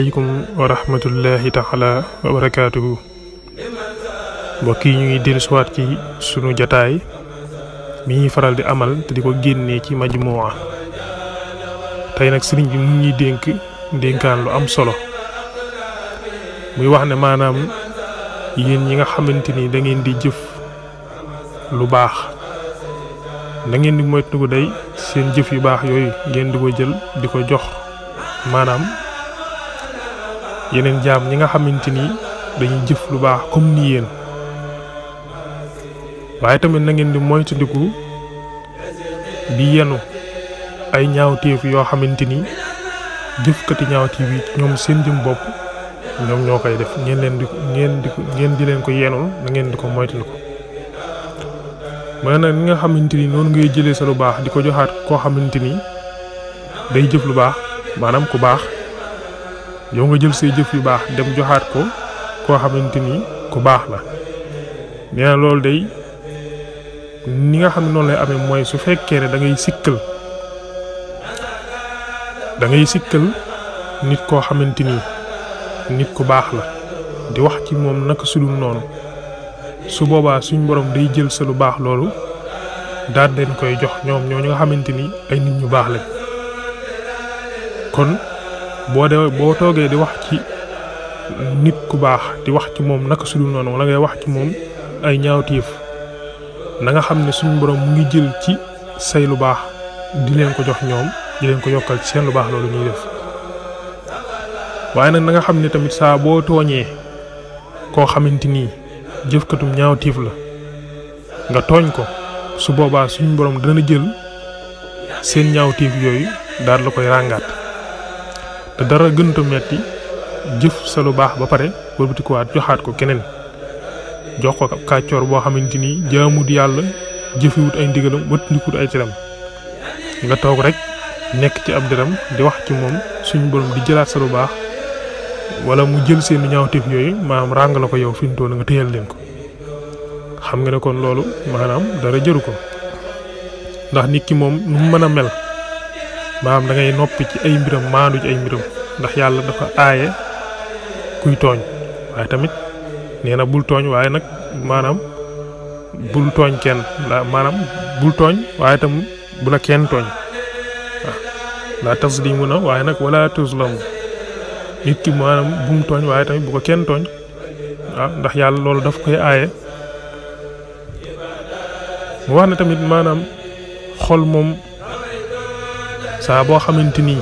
aleykum wa rahmatullahi taala wa barakaatuhu mbokk yi ñu ngi dellusiwaat ci sunu jotaay mi ñuy faral di amal te diko genné ci majmua tay nak sëriñ bi mu ñuy denk denkan lu am solo muy wax ne maanaam yeen ñi nga xamanteni da ngeen di jëf lu baax da ngeen di moytu ko day seen jëf yu baax yoy ngeen di ko jël diko jox maanaam yeneen jaam ñi nga xamante ni dañuy jëf lu baax comme ni yéen waaye tamit na ngeen di moytandiku di yenu ay ñaawteef yoo xamante ni jëfkati ñaawteef yi ñoom seen jëm bopp ñoom ñoo koy def ngeen leen di ngeen di leen ko yenul na ngeen di ko moytandiku mën nag ni nga xamante ni noonu ngay jëlee sa lu baax di ko joxaat koo xamante ni day jëf lu baax maanaam ku baax yow nga jël say jëf yu baax dem joxaat ko koo xamante ni ku baax la nee na loolu dey ni nga xam ne noonu lay amee mooy su fekkee ne dangay ngay sikkal da nit koo xamante ni nit ku baax la di wax ci moom naka su noonu su boobaa suñ borom day jël sa lu baax loolu daal leen koy jox ñoom ñoo ñu nga xamante ni ay nit ñu baax lañ kon. boo de boo toogee di wax ci nit ku baax di wax ci moom naka sudul noonu wala ngay wax ci moom ay ñaawtiif na nga xam ne suñu borom mu ngi jël ci say lu baax di leen ko jox ñoom di leen ko yokkal ci seen lu baax loolu ñuy def waaye nag na nga xam ne tamit saa boo tooñee koo xamante ni jëfkatum ñaawtiif la nga tooñ ko su boobaa suñu borom dana jël seen ñaawtiif yooyu daal la koy ràngaat te dara gëntu metti jëf sa lu baax ba pare wëlbati ko waat joxaat ko keneen jox ko kàccoor boo xamante ni jaamut yàlla jëfiwut ay ndigalam wëttandikut ay teram nga toog rek nekk ci ab di wax ci moom suñu borom di jëlaat sa lu baax wala mu jël seen ñaawtif yooyu maanaam rang la ko yow fi mu nga téyal leen ko xam nga ne kon loolu maanaam dara jëru ko ndax nit ki moom nu mel maanaam da ngay noppi ci ay mbiram maandu ci ay mbiram ndax yàlla dafa aaye kuy tooñ waaye tamit nee na bul tooñ waaye nag maanaam bul tooñ kenn la maanaam bul tooñ waaye tam bu la kenn tooñ waaw laa taslimu na waaye nag wala tuzlamu nit ki maanaam bu tooñ waaye tamit bu ko kenn tooñ waaw ndax yàlla loolu daf koy aaye mu wax ne tamit maanaam xol moom sa bo xamanteni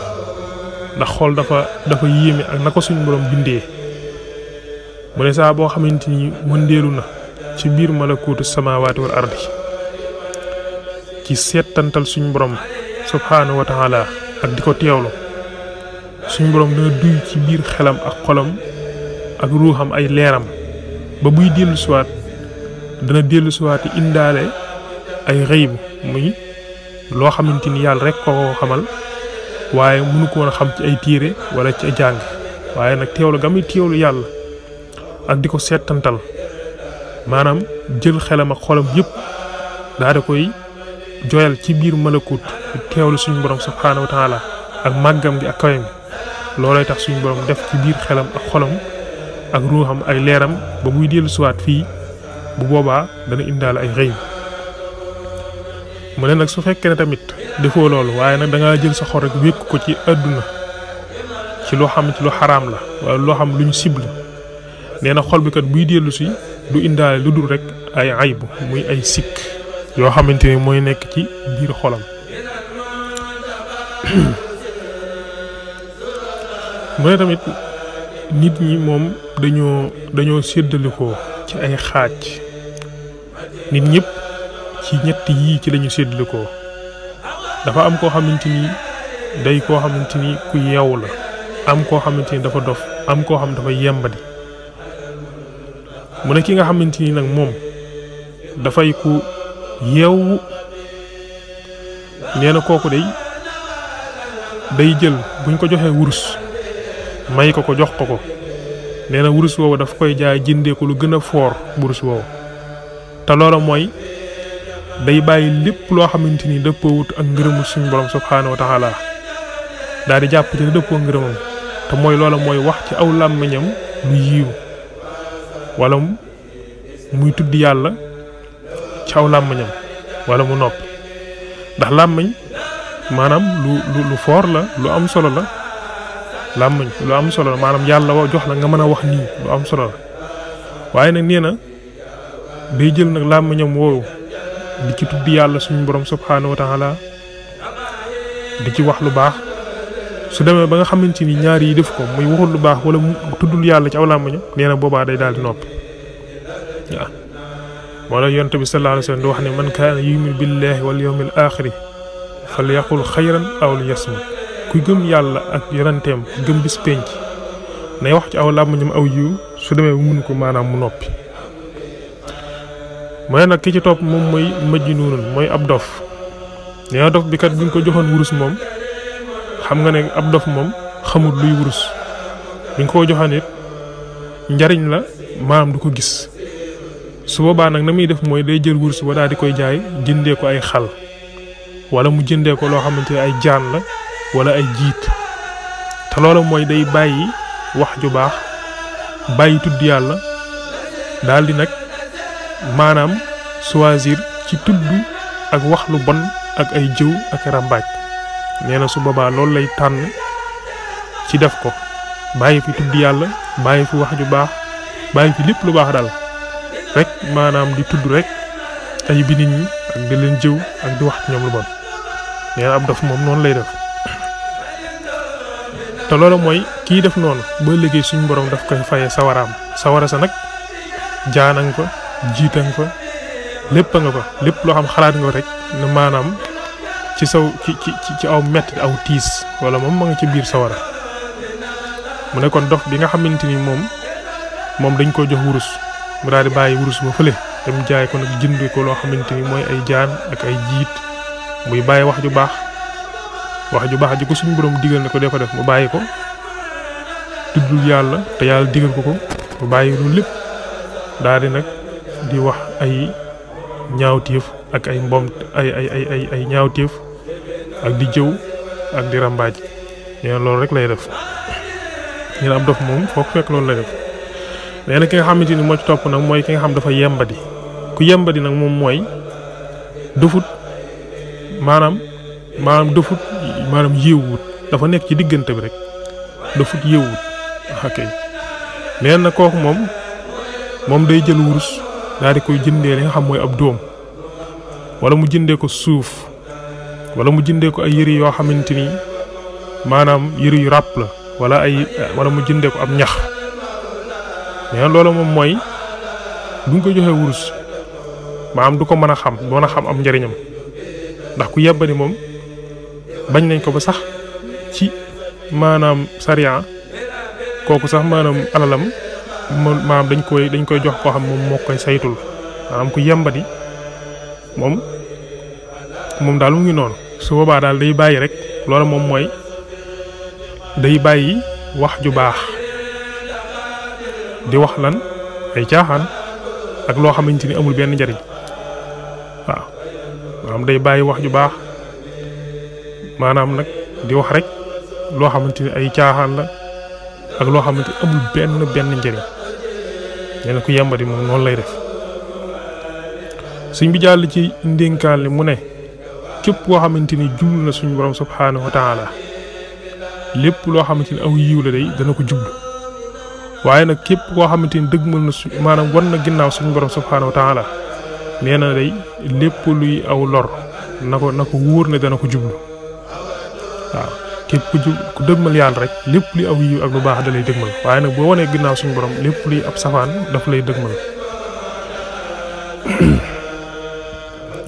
da xol dafa dafa yéeme ak nako suñu borom bindé mo ne sa bo xamanteni ni na ci bir malakutu samawati wal ardi ci setantal suñu borom subhanahu wa taala ak diko tewlo suñu borom da duy ci bir xelam ak xolam ak ruham ay leram ba buy dellu suwat dana dellu suwat indale ay ghaib muy loo xamante ni yàlla rek ko xamal waaye mënu ko xam ci ay téere wala ci ay jàng waaye nag teewlu ga muy yàlla ak di ko seetantal maanaam jël xelam ak xolam yëpp daa koy joyal ci biir malakut teewlu suñu borom subhaanahu wa taala ak màggam gi ak kawem gi tax suñu borom def ci biir xelam ak xolam ak ruuxam ay leeram ba muy dellu siwaat fii bu boobaa dana indaale ay xëy mu ne nag su fekkee ne tamit defoo loolu waaye nag da jël sa xor rek wékk ko ci àdduna ci loo xam ci lu xaraam la wala loo xam luñ ñu cible nee na xol bi kat buy dellu si du indaale lu dul rek ay aybu yoo xamante ni mooy nekk ci biir xolam tamit nit ñi moom dañoo dañoo séddalikoo ci ay xaaj nit ñëpp ci ñett yii ci lañuy ñu séddale ko dafa am koo xamante ni day koo xamante ni ku yeewu la am koo xamante ni dafa dof am koo xam dafa yembadi mu ne ki nga xamante ni nag moom dafay ku yeewu nee na kooku day day jël buñ ko joxee wurus may ko ko jox ko ko nee na wurus woowu daf koy jaay jëndee ko lu gën a foor wurus woowu te loola mooy day bàyyi lepp lo xamanteni depp wut ak ngeerum suñu borom subhanahu wa taala daal di jàpp ci depp ngeerum te moy loola moy wax ci aw làmmiñam lu yiw wala muy tuddi yalla ci aw làmmiñam wala mu nopp ndax manam lu lu lu for la lu am solo la làmmiñ lu am solo manam yalla yàlla wa jox la nga mëna wax ni lu am solo waye nak nag nee na day jël nag di ci tuddi yalla suñu borom subhanahu wa taala di ci wax lu bax su demee ba nga xamanteni ñaar yi def ko muy waxul lu bax wala tuddul yalla ci aw ñu neena boba day dal di nopp waaw moo bi sallallahu alayhi wasallam do wax ne man kana yumin billahi wal yawmil akhir fal yaqul xayran aw li ku gëm yalla ak yarantem gëm bis penc nay wax ci ñu aw yu su bu ko mu noppi mu nag ki ci topp moom mooy majnuun mooy ab dof nee na dof bi kat buñ ko joxoon wurus moom xam nga ne ab dof moom xamul luy wurus buñ ko joxoon it njariñ la maanaam du ko gis su boobaa nag na muy def mooy day jël wurus ba daal di koy jaay jëndee ko ay xal wala mu jëndee ko loo xamante ne ay jaan la wala ay jiit te loolu mooy day bàyyi wax ju baax bàyyi tudd yàlla daldi di nag Manam choisir ci tuddu ak wax lu bon ak ay jëw ak rambaaj neena su baba lol lay tan ci def ko baye fi tuddu yalla baye fi wax ju baax baye fi lepp lu baax dal rek manam di tuddu rek ay bi nit ñi ak di leen jëw ak di wax ñom lu bon neena am daf mom moom lay def te lolo moy ki def non ba liggey suñu borom daf koy fayé sawaram sawara sa nak jaanang ko nga fa lepp nga fa lepp lo xam xalaat nga rek ne manam ci saw ci ci ci aw metti aw tis wala mom ma nga ci bir sawara mu ne kon dox bi nga xamanteni mom mom dañ ko jox wurus mu daal di bàyyi wurus ba fële dem jaay ko nag jënd ko loo xamante ni mooy ay jaan ak ay jiit muy bàyyi wax ju baax wax ju baax ji ko suñu borom digal ne ko dee ko def mu bàyyi ko tuddul yàlla te yàlla digal ko ko mu bàyyi lu lépp daal di nag di wax ay ñaawteef ak ay mbom ay ay ay ay ak di jëw ak di ràmbaaj nee loolu rek lay def nee na ab dof moom foog fekk loolu lay def nee na ki nga xamante ni moo ci topp nag mooy ki nga xam dafa yembadi ku yembadi nag moom mooy dufut maanaam maanaam dufut maanaam yéewut dafa nekk ci diggante bi rek dufut yéewut ok nee na kooku moom moom day jël wurus daal di koy jëndee li nga xam mooy ab dóom wala mu jëndee ko suuf wala mu jëndee ko ay yëri yoo xamante ni maanaam yëri yu ràpp la walla ay wala mu jëndee ko ab ñax mais loolu moom mooy duñ ko joxee wurus maanaam du ko mën a xam du a xam am njëriñam ndax ku yebbani moom bañ nañ ko ba sax ci maanaam sariya kooku sax maanaam alalam maam dañ koy dañ koy jox koo xam moom moo koy saytul maanaam ku yembadi moom moom daal mu ngi noonu su boobaa daal day bàyyi rek loolu moom mooy day bàyyi wax ju baax di wax lan ay caaxaan ak loo xamante ni amul benn njariñ day bàyyi wax ju baax maanaam nag di wax rek loo xamante ni ay caaxaan la ak loo xamante amul benn benn njariñ nee ko ku yàmbari moom noonu lay def suñ bi jàll ci ndénkaan li mu ne képp koo xamante ni jublu na suñu borom subhaanahu wa taala lépp loo xamante ni aw yiw la day dana ko jublu waaye nag képp koo xamante ni dëgmal na suñ maanaam wan na ginnaaw suñu borom subhaanahu wa taala nee na lépp luy aw lor na ko na ko wóor ne dana ko jublu waaw képp ku ju ku dëgmal yàlla rek lépp li aw yiw ak lu baax da lay dëgmal waaye nag boo wanee ginnaaw suñu borom lépp li ab safaan daf lay dëgmal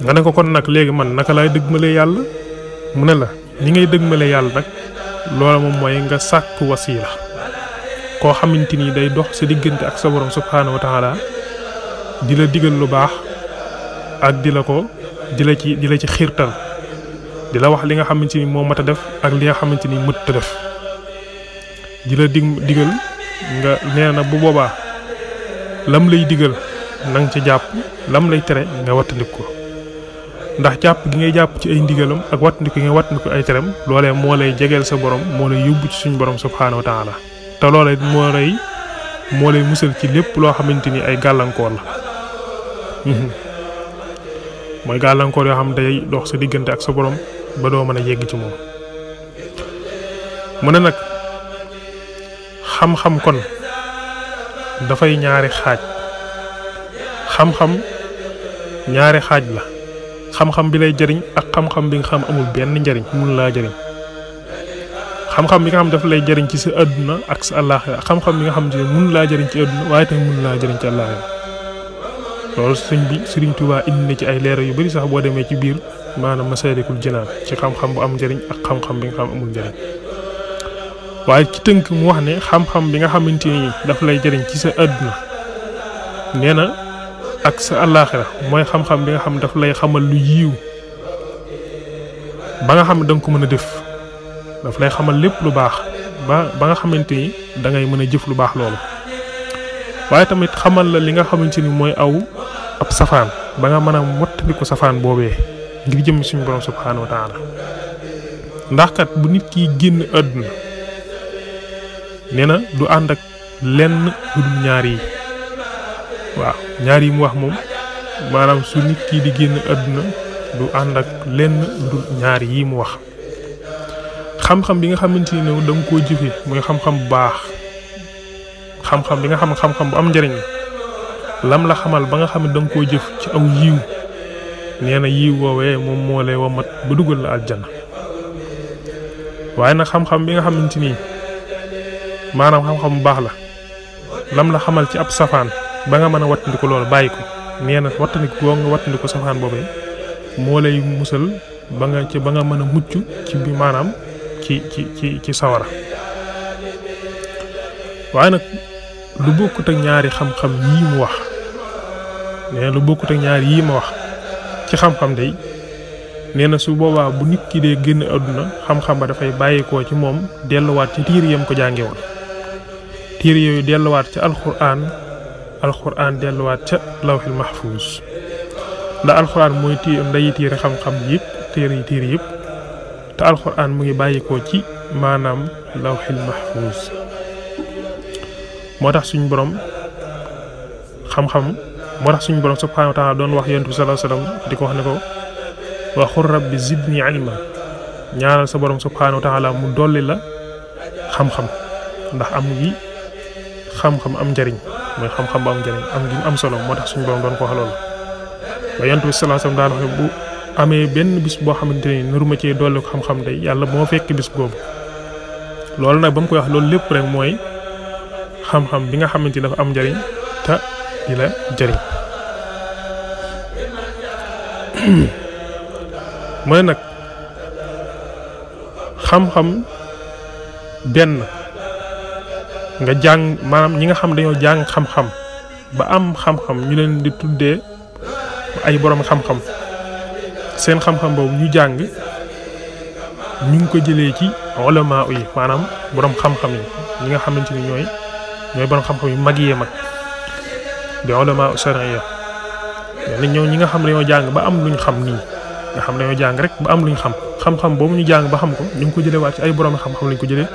nga ne ko kon nag léegi man naka laay dëgmalee yàlla mu ne la ni ngay dëgmalee yàlla nag loola moom mooy nga sàkk wasiila koo xamante ni day dox sa diggante ak sa borom subhaanahu wa taala di la digal lu baax ak di la ko di la ci di la ci di wax li nga xamante ni moo mat a def ak li nga xamante ni mët def di la dig digal nga nee na bu boobaa lam lay digal nang ci jàpp lam lay tere nga wattandik ko ndax jàpp gi ngay jàpp ci ay ndigalam ak wattandiku gi ngay wattandiku ay terem loolee moo lay jegeel sa borom moo lay yóbbu ci suñu borom subhanahu wa taala te loolee moo lay moo lay musal ci lépp loo xamante ni ay gàllankoor la mooy gàllankoor yoo xam day dox sa diggante ak sa borom ba doo mën a ci moom mu ne nag xam-xam kon dafay ñaari xaaj xam-xam ñaari xaaj la xam-xam bi lay jëriñ ak xam-xam bi nga xam amul benn njëriñ mun laa jëriñ xam-xam bi nga xam dafa lay jëriñ ci sa àdduna ak sa àllaaxira xam-xam bi nga xam ne mun laa jëriñ ci àdduna waaye tamit mun laa jëriñ ci àllaaxira loolu sëñ bi sëriñ Touba indi na ci ay leeral yu bari sax boo demee ci biir maanaam Masaalikul Jinaan ci xam-xam bu am njëriñ ak xam-xam bi nga xam amul njëriñ waaye ci tënk mu wax ne xam bi nga xamante ni daf lay jëriñ ci sa àdduna nee na ak sa àllaaxira mooy xam-xam bi nga xam dafa lay xamal lu yiiw ba nga xam ne ko mën a def daf lay xamal lépp lu baax ba ba nga xamante ni dangay mën a jëf lu baax loolu waaye tamit xamal la li nga xamante ni mooy aw. ab safaan ba nga mën a safaan boobee ngir jëmm suñu borom subhaanahu wa ndax kat bu nit ki génn àdduna nee na du ànd ak lenn ludul ñaar yi waaw ñaar yi mu wax moom maanaam su nit ki di génn àdduna du ànd ak lenn ludul ñaar yi mu wax xam-xam bi nga xamante ne da nga koo jëfee mooy xam-xam bu baax xam-xam bi nga xam xam-xam bu am njëriñ lam la xamal ba nga xamni dang ko jëf ci aw yiw neena yiw wowe mom mo lay mat bu duggal la aljana waye na xam-xam bi nga xamante ni maanaam xam-xam bu la lam la xamal ci ab safan ba nga mëna watandi ko lool bayiko neena watandi ko nga watandi ko safan bobé mo lay musal ba nga ci ba nga mëna muccu ci bi manam ci ci ci ci sawara waye nak du bokkut ak ñaari xam-xam yi mu wax nee lu bokut ak ñaar yi ma wax ci xam-xam day neena su boba bu nit ki de genn aduna xam-xam ba baye ko ci delu wat ci tiir yam ko won woon yoy delu wat ci alquran alquran wat ci lawxil mahfuz da alquran moy ti ti re xam-xam yi téere yi tiir yi ta alquran mu ngi ko ci manam lawxil mahfuz motax suñu borom xam-xam motax suñu borom subhanahu wa ta'ala don wax yantu sallallahu alayhi wasallam diko wax ne ko wa khur rabbi zidni ilma ñaanal sa borom subhanahu wa ta'ala mu dolli la xam xam ndax am gi xam xam am jariñ moy xam xam am jariñ am gi am solo motax suñu borom don ko xalol lolu ba yonent sallallahu alayhi wasallam daan wax bu amé benn bis bo xamanteni nuru ma ci dolli xam xam day yalla mo fekk bis boobu lol nak bam koy wax lol lepp rek moy xam-xam bi nga xamanteni dafa am jariñ ta dila jariñ mooy nag xam-xam benn nga jàng maanaam ñi nga xam dañoo jàng xam-xam ba am xam-xam ñu leen di tuddee ay boroom xam-xam seen xam-xam boobu ñu jàng ñu ngi ko jëlee ci maanaam borom xam-xam yi ñi nga xamante ni ñooy ñooy borom xam-xam yu mag yee mag di ulama sharia nañ ñëw ñi nga xam dañoo jàng ba am luñ xam nii nga xam dañoo jàng rek ba am luñ xam xam boobu ñu jàng ba xam ko ñu ngi ko jëlee ci ay xam-xam lañ ko jëlee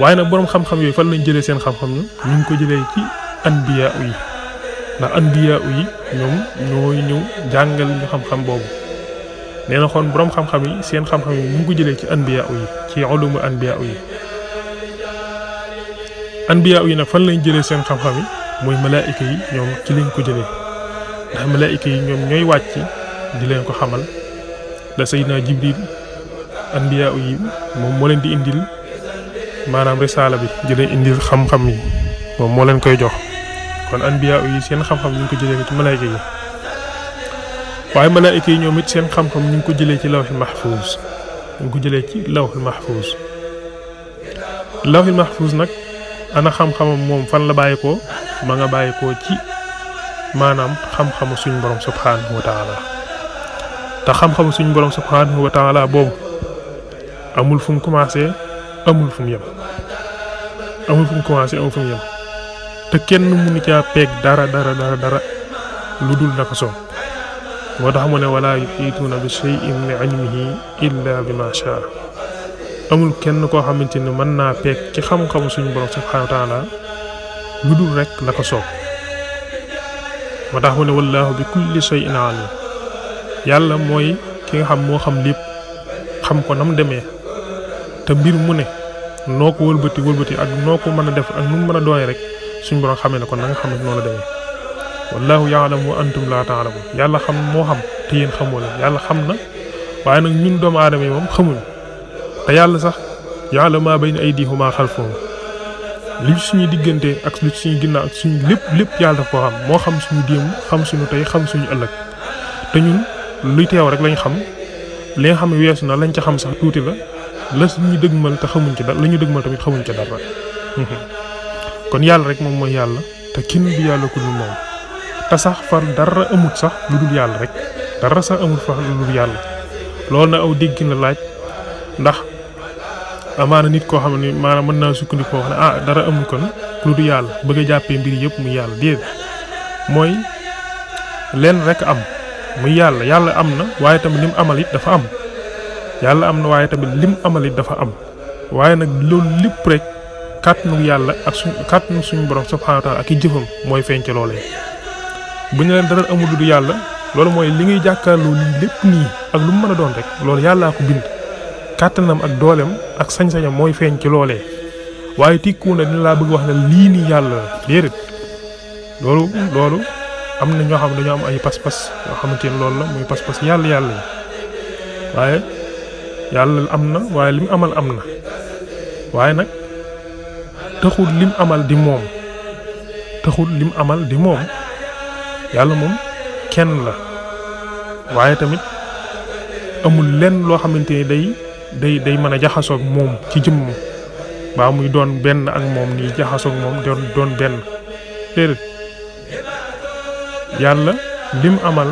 waaye nag boroom xam-xam fan lañ jëlee seen xam-xam ñu ko jëlee ci anbiya yi ndax anbiya ñoom ñëw jàngal ñu xam boobu nee na xoon borom xam yi seen xam-xam ko jëlee ci anbiya ci ulumu anbiya yi anbiya yi nag fan lañ jëlee seen xam-xam yi mooy malaayika yi ñoom ci lañ ko jëlee ndax malaayika yi ñoom ñooy wàcc di leen ko xamal la sayyidina jibril anbiyaa yi moom moo leen di indil maanaam risaala bi di leen indil xam-xam yi moom moo leen koy jox kon anbiyaa yi seen xam-xam ko jëlee ci malaayika yi waaye malaayika yi ñoom seen xam-xam ñu ko jëlee ci lawhil mahfuus ñu ngi ko jëlee ci lawhil mahfuus lawhil mahfuus nag ana xam-xamam moom fan la bàyyi bàyyeekoo ma nga bàyyeekoo ci. maanaam xam-xamu suñ borom subhanahu wa taala te xam-xamu suñ borom subhanahu wa taala boobu amul fum mu commencé amul fu mu yem amul fu mu commencé amul kenn mënu caa peeg dara dara dara lu dul naka soom moo tax mu ne wala na bi shay'in min ilmihi illa bi ma shaa amul kenn koo xamante ni mën naa peeg ci xam-xamu suñu borom subhanahu wa taala lu dul rek la ko soob motax tax mu ne wallaahu bi kulli shay'in alim yàlla moy ki nga xam mo xam lépp xam ko nam deme te mbir mu ne noko wolbeuti wolbeuti ak noko meuna def ak nu meuna doy rek suñ borom xamé ne kon nga xam ne noonu la demee wallaahu yaalam wa antum la taalamun yàlla xam mo xam te yéen xamul yàlla xam na waye nak ñun doom aadama mom xamul xamuñ te yàlla sax ya'lamu ma bayna aydihuma khalfuhum li ñu diggante ak suñu ginnaaw suñu lépp lépp yàlla daf xam moo xam suñu démb xam suñu tey xam suñu ëllëg te ñun luy teew rek lañu xam li xam ne weesu naa lañ ca xam sax tuuti la la suñu dëgmal te xamuñ ci dara la ñu dëgmal tamit xamuñ ci dara kon yàlla rek moom mooy yàlla te kenn du yàlla ku dul moom te sax far dara amut sax lu dul yàlla rek dara sax amut fa lu dul yàlla loolu na aw dégg na laaj ndax. amaana nit koo xam ne maanaam mën naa sukkandiku wax ne ah dara amul kon lu du yàlla bëgg jàppee mbir yëpp mu yàlla déedéet mooy lenn rek am mu yàlla yàlla am na waaye tamit lim amal it dafa am yàlla am na waaye tamit lim amal it dafa am waaye nag loolu lépp rek kàttanu yàlla ak suñ kàttanu suñu borom subhaanahu ak i jëfam mooy feeñ ca loolee. bu ñu leen dara amul du yàlla loolu mooy li ngay jàkkaarloo lii lépp nii ak lu mu mën a doon rek loolu yàllaa ko bind. kàttanam ak dooleem ak sañ-sañam mooy feeñ ci loolee waaye tikku na dina laa bëgg wax ne lii nii yàlla la déedéet loolu loolu am na ñoo xam ne dañoo am ay pas-pas yoo xamante ne loolu la muy pas-pas yàlla yàlla yi waaye yàlla am na waaye li amal am na waaye nag taxul lim amal di moom taxul lim amal di moom yàlla moom kenn la waaye tamit amul lenn loo xamante ni day day day mën a jaxasoog moom ci jëmmam baa muy doon benn ak moom nii jaxasoog moom doon doon benn déedéet yàlla lim amal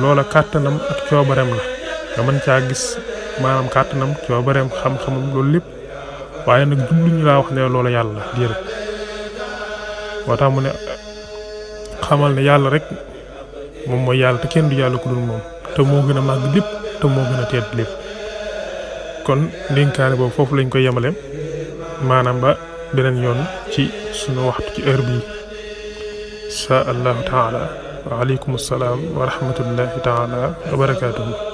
loola kàttanam ak coobareem la nga mën caa gis maanaam kàttanam coobareem xam-xamam loolu lépp waaye nag jubluñu laa wax ne loola yàlla déedéet moo tax mu ne xamal ne yàlla rek moom mooy yàlla te kenn du yàlla ku dul moom te moo gën a màgg lépp te moo gën a tedd lépp kon ndénkaane boobu foofu lañu koy yemale maanaam ba beneen yoon ci sunu waxtu ci heure bii insha allahu taala wa aleykum salaam wa rahmatullahi taala wa barakaatuhu